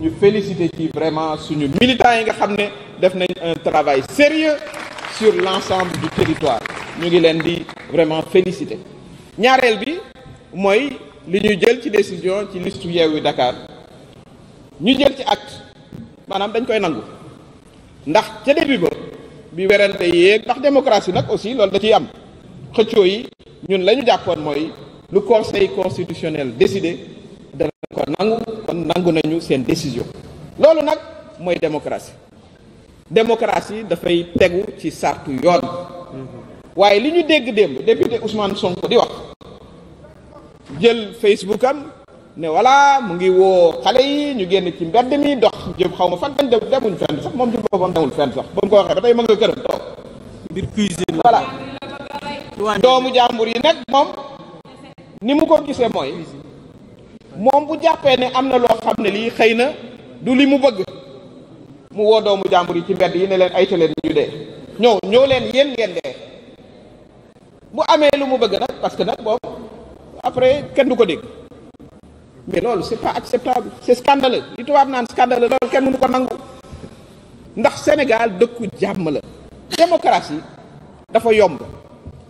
ñu féliciter ci vraiment suñu militants yi nga xam ne def nañ un travail sérieux sur l'ensemble du territoire ñu ngi leen di vraiment féliciter ñaareel bi mooy li ñu jël ci décision ci liste Yewwi Dakar ñu jël ci acte maanaam dañ koy nangu ndax ca début ba bi werante yéeg ndax démocratie nag aussi lool da ciy am xëccoo yi ñun lañu ñu jàppoon mooy lu conseil constitutionnel décidé dana ko nangu kon nangu nañu seen décision loolu nag mooy démocratie démocratie dafay tegu ci sartu yoon waaye li ñu dégg démb député Ousmane Sonko di wax jël Facebook am ne voilà mu ngi woo xale yi ñu génn ci mbedd mi dox jëm xaw ma fan dañ dem demuñ fenn sax moom ci boppam demul fenn sax ba mu ko waxee ba mag ma nga këram toog mbir cuisine voilà doomu jàmbur yi nag moom ni mu ko gisee mooy moom bu jàppee ne am na loo xam ne lii xëy na du li mu bëgg mu woo doomu jàmbur yi ci mbedd yi ne leen ayta leen ñu dee ñëw ñëw leen yéen ngeen dee bu amee lu mu bëgg nag parce que nag boobu après kenn du ko dégg mais loolu c'est pas acceptable c'est scandaleux li tubaab naan scandaleux loolu kenn mënu ko nangu ndax Sénégal dëkku jàmm la démocratie dafa yomb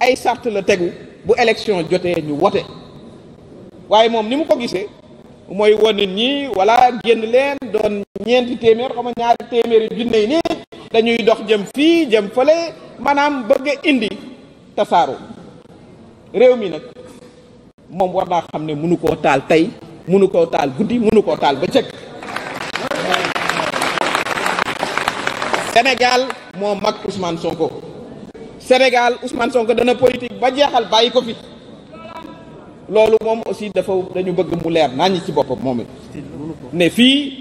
ay sart la tegu bu élection jotee ñu wote waaye moom ni mu ko gisee mooy won nit ñi wala génn leen doon ñeenti téeméer xaw ma ñaari téeméeri junne yi nii dañuy dox jëm fii jëm fële maanaam bëgg indi tasaaru réew mi nag moom war naa xam ne mënu koo taal tey mënu koo taal guddi mënu koo taal bëccëg senegal moo mag Ousmane Sonko Sénégal Ousmane Sonko dana politique ba jeexal bàyyi ko fi loolu moom aussi dafa dañu bëgg mu leer naññ ci boppam moom it ne fii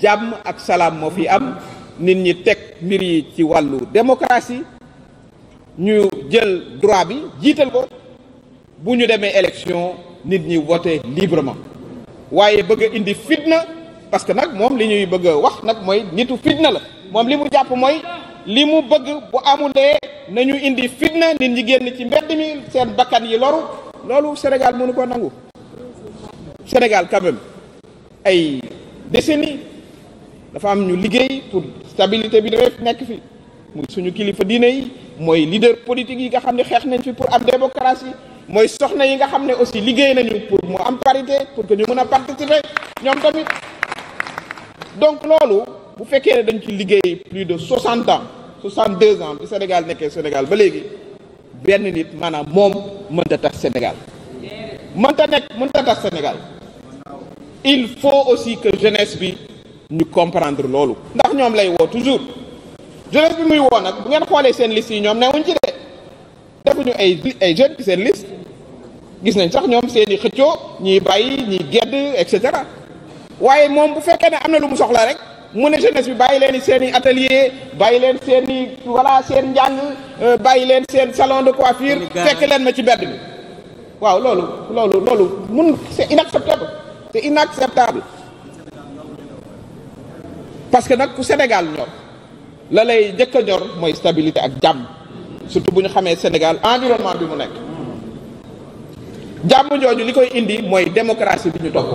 jàmm ak salaam moo fi am nit ñi teg mbir yi ci wàllu démocratie ñu jël droit bi jiital ko bu ñu demee élection nit ñi voté librement waaye bëgg a indi fitna parce que nag moom li ñuy bëgg a wax nag mooy nitu fitna la moom li mu jàpp mooy li mu bëgg bu amulee nañu indi fitna nit ñi génn ci mbedd mi seen bakkan yi loru loolu Sénégal mënu ko nangu Sénégal quand ay décennies dafa am ñu liggéey pour stabilité bi def nekk fi muy suñu kilifa diine yi mooy leader politique yi nga xam ne xeex nañ fi pour am démocratie mooy soxna yi nga xam ne aussi liggéey nañu pour mu am parité pour que ñu mën a participer ñoom tamit donc loolu bu fekkee ne dañ ci liggéey plus de soixante ans soixante deux ans bi Sénégal nekkee Sénégal ba léegi benn nit maanaam moom mënta tax Sénégal mënta nekk mënta tax Sénégal il faut aussi que jeunesse bi ñu comprendre loolu ndax ñoom lay woo toujours jeunesse bi muy woo nag bu ngeen xoolee seen liste yi ñoom newuñ ci de defuñu ay ay jeunes ci seen liste gis nañ sax ñoom seen i xëccoo ñiy bàyyi ñiy gedd et cetera waaye moom bu fekkee ne am na lu mu soxla rek mu ne jeunesse bi bàyyi leen seen i atelier bàyyi leen seen i voilà seen njàng euh, bàyyi leen seen salon de coiffure fekk leen ma ci mbedd bi waaw loolu loolu loolu mun c'est inacceptable c'est inacceptable parce que nag ku Sénégal ñor la lay njëkk a ñor mooy stabilité ak jàmm surtout bu ñu xamee Sénégal environnement bi mu nekk jàmm jooju li koy indi mooy démocratie bi ñu topp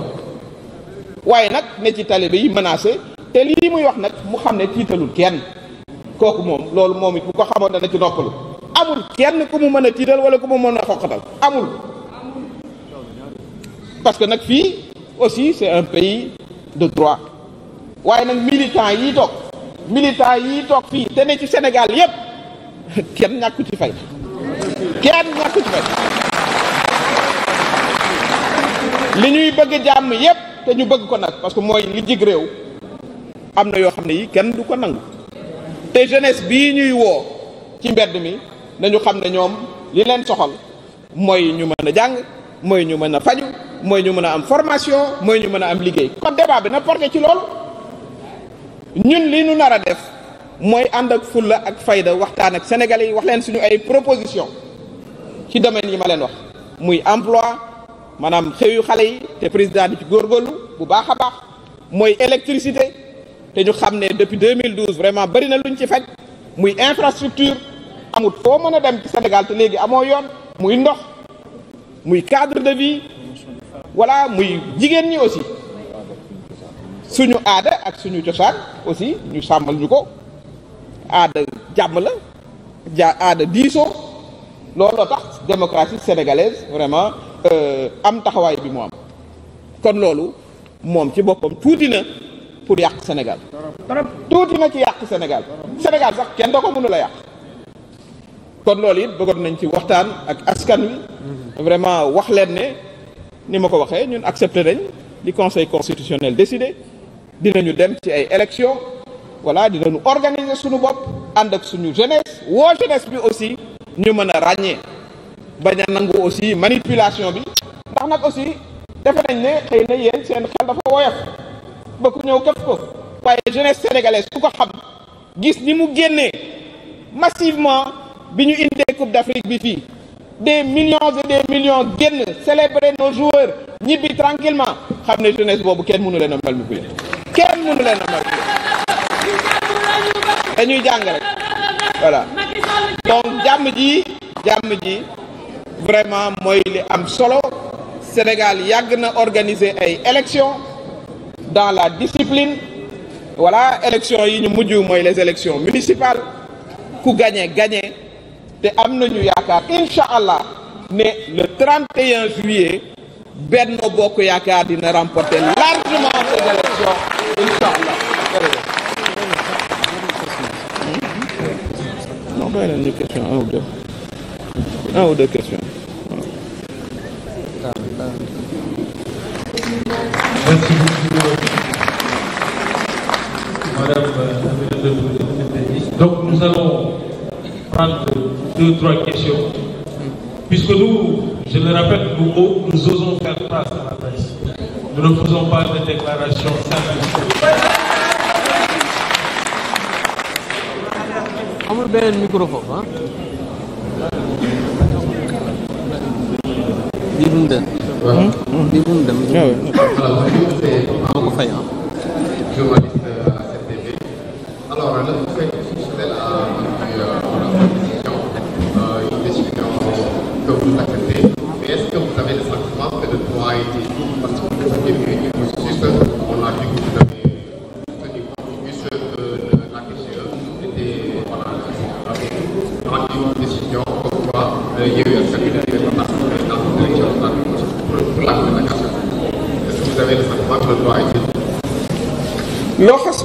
waaye nag ne ci talibé yi menacé te lii muy wax nag mu xam ne tiitalul kenn kooku moom loolu moom it bu ko xamoon dana ci noppalu amul kenn ku mu mën a tiital wala ku mu mën a xoqatal amul parce que nag fii aussi c'est un pays de droit waaye nag militant yii toog militant yii toog fii te ne ci Sénégal yépp kenn ñàkku ci fay kenn ñàkku ci fay li ñuy bëgg jàmm yépp te ñu bëgg ko nag parce que mooy li jig réew am na yoo xam ne yi kenn du ko nangu te jeunesse bii ñuy woo ci mbedd mi nañu xam ne ñoom li leen soxal mooy ñu mën a jàng mooy ñu mën a faju mooy ñu mën a am formation mooy ñu mën a am liggéey kon débat bi na porté ci lool ñun li ñu nar a def mooy ànd ak fulla ak fayda waxtaan ak sénégal yi wax leen suñu ay proposition ci domaine yi ma leen wax muy emploi maanaam xëyu xale yi te président di ci góorgóorlu bu baax a baax mooy électricité te ñu xam ne depuis 2012 vraiment bëri na luñ ci faj muy infrastructure amut foo mën a dem ci Sénégal te léegi amoo yoon muy ndox muy cadre de vie voilà muy jigéen ñi aussi suñu aada ak suñu cosaan aussi ñu sàmmal ñu ko aada jàmm la ja aada diisoo looloo tax démocratie sénégalaise vraiment euh, am taxawaay bi mu am kon loolu moom ci boppam tuuti na. pour yàq Sénégal tuuti na ci yàq Sénégal Sénégal sax kenn da ko mënu la yàq kon loolu it bëggoon nañ ci waxtaan ak askan wi vraiment wax leen ne ni ma ko waxee ñun accepté nañ li conseil constitutionnel décidé dinañu dem ci ay élection voilà ñu organiser suñu bopp ànd ak suñu jeunesse woo jeunesse bi aussi ñu mën a ràññee bañ a nangu aussi manipulation bi ndax nag aussi defe nañ ne xëy na yéen seen xel dafa woyof ba ku ñëw képp ko waaye jeunesse sénégalaise su ko xam gis ni mu génnee massivement bi ñu indee Coupe d'Afrique bi fii des millions et des millions génn célébrer nos joueurs ñibbi tranquillement xam ne jeunesse boobu kenn mënu leen a manipuler kenn mënu leen a manipuler dañuy jàng rek voilà donc jàmm ji jàmm ji vraiment mooy li am solo Sénégal yàgg na organiser ay élections dans la discipline voilà élection yi ñu mujj mooy les élections municipales ku gagné gañe te am nañu yaakaar incha allah ne le 31 juillet Benno Bokk Yaakaar dina remporter largement ces élections incha allah. non doy nañu question un ou deux questions. prendre deux, trois questions. Puisque nous, je le rappelle, nous, nous osons faire face à la presse. Nous ne faisons pas de déclaration simple. amul beneen micro foofu ah. bii bu mu dem. bii bu mu dem. waaw waaw. Hmm?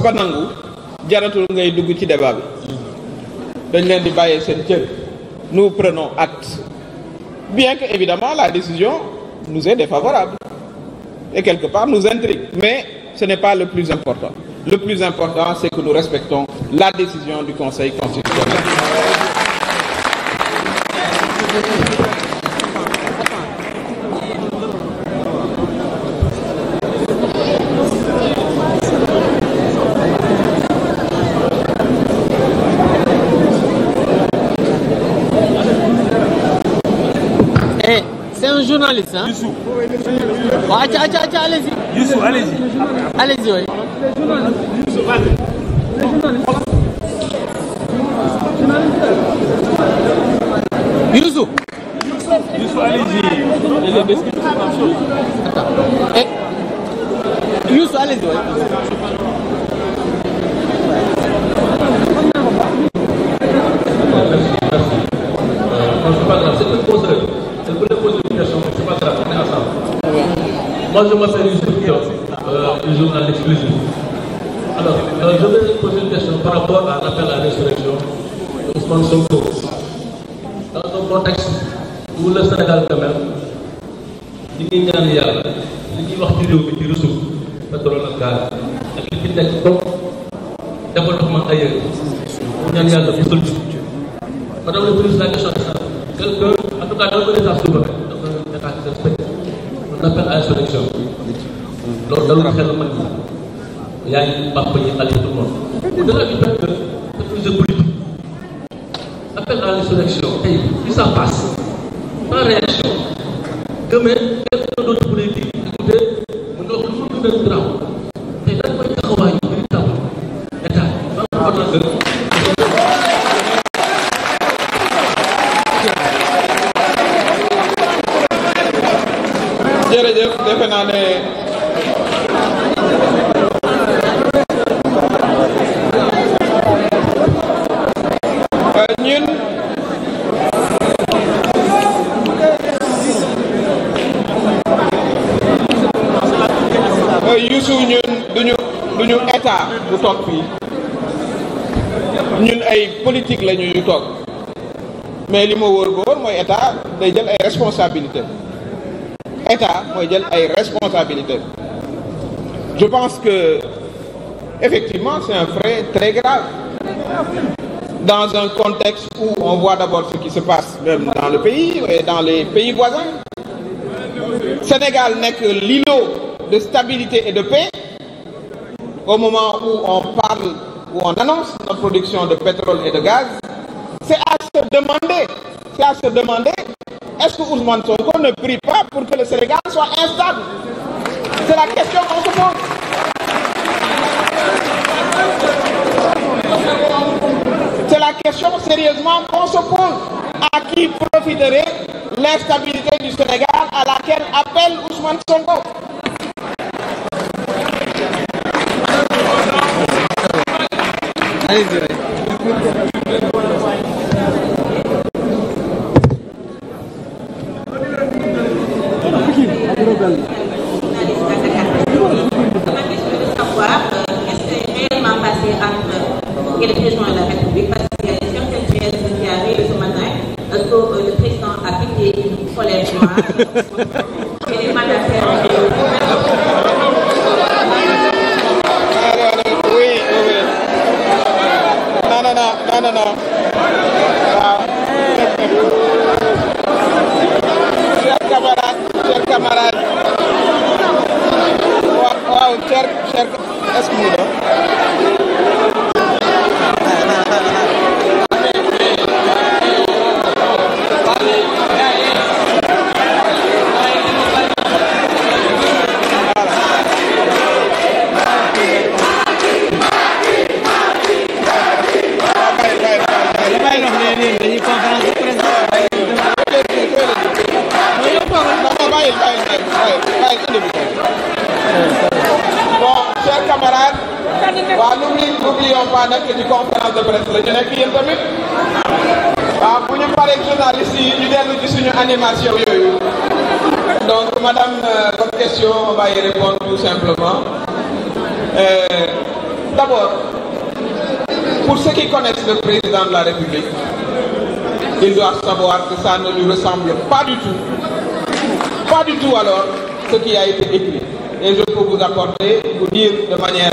ko nangu jaratul ngay dugg ci débat bi dañ leen di bàyyee seen cër nous prenons acte bien que évidemment la décision nous est défavorable et quelque part nous intrigue mais ce n'est pas le plus important le plus important c'est que nous respectons la décision du Conseil constitutionnel journaliste ah. Youssou. waaw acca acca acca allez-y. Youssou allez-y. allez-y waay. Youssou. Youssou allez-y. Eh, Youssou allez-y waay. moi je m'appelle Youssou Diop, le euh, journal exclusif. Alors, euh, je vais poser une question par rapport à l'appel à l'insurrection d'Ousmane Sonko. Dans un contexte où le Sénégal quand même li ñuy ñaan yàlla li ñuy wax ci réew mi ci ressource pétrole ak gaz ak li ci nekk comme développement ailleurs ñu ñaan yàlla bu sël madame le président de la question quelqu'un en tout cas dans le résurrection loolu dalul xel mag ñi yaa ngi yi xale yi tout le monde au-delà du fait que c'est plus de politique appel à l'insurrection tey plus ça passe sans réaction demain quelqu'un d'autre état bu toog fii ñun ay politique la ñu ñu toog mais li ma wóor ba wóor mooy état day jël ay responsabilité état mooy jël ay responsabilité je pense que effectivement c'est un fait très grave dans un contexte où on voit d'abord ce qui se passe même dans le pays dans les pays voisins Sénégal n'est que l'îlot de stabilité et de paix au moment où on parle, où on annonce notre production de pétrole et de gaz, c'est à se demander, est-ce que Ousmane Sonko ne prie pas pour que le Sénégal soit instable C'est la question sérieusement qu'on se pose. À qui profiterait l'instabilité du Sénégal à laquelle appelle Ousmane Sonko camarade waaw cher cher est-ce que waaw n'oublie n'oublions pas nag ci conférence de presse la ñu nekk yéen tamit waaw bu ñu paree journaliste yi ñu dellu ci suñu animation yooyu donc madame votre euh, question on va y répondre tout simplement euh, d'abord pour ceux qui connaissent le président de la République ils doivent savoir que ça ne lui ressemble pas du tout pas du tout alors ce qui a été écrit et je peux vous apporter vous dire de manière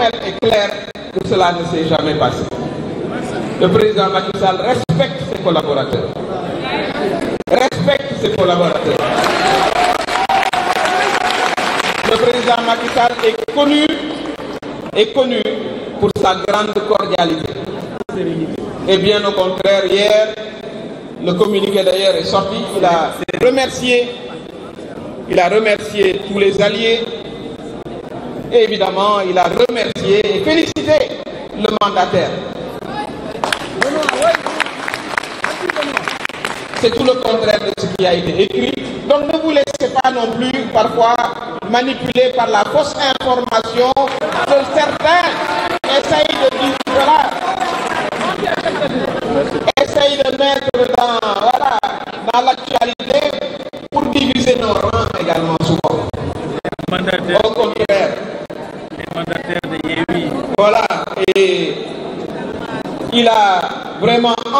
formelle et claire que cela ne s'est jamais passé. Le président Macky Sall respecte ses collaborateurs. Respecte ses collaborateurs. Le président Macky est connu, pour sa grande cordialité. Et bien au contraire, hier, le communiqué d'ailleurs est sorti, il a remercié tous les alliés Et évidemment, il a remercié et félicité le mandataire. C'est tout le contraire de ce qui a été écrit. Donc ne vous laissez pas non plus parfois manipuler par la fausse information de certains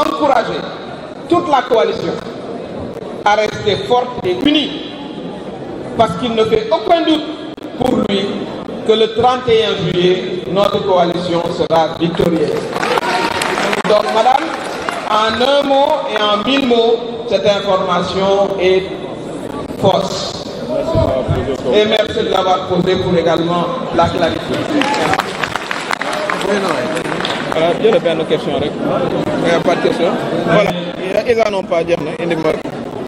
encouragé toute la coalition à rester forte et unie parce qu'il ne fait aucun doute pour lui que le juillet, notre coalition sera victorieuse. Donc, madame, en un mot et en mots, cette information est fausse. Et merci de l'avoir posée pour également la clarifier. voilà jël benn question rek. pas de question. voilà. ils en ont pas jeex na